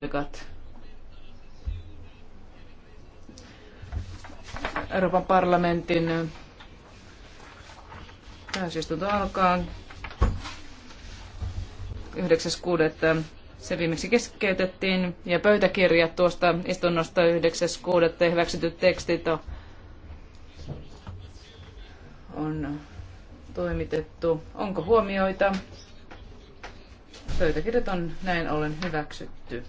kollegat. Euroopan parlamentin täysistunto alkaa 9.6. Se viimeksi keskeytettiin ja pöytäkirjat tuosta istunnosta 9.6. hyväksytyt tekstit on toimitettu. Onko huomioita? Pöytäkirjat on näin ollen hyväksytty.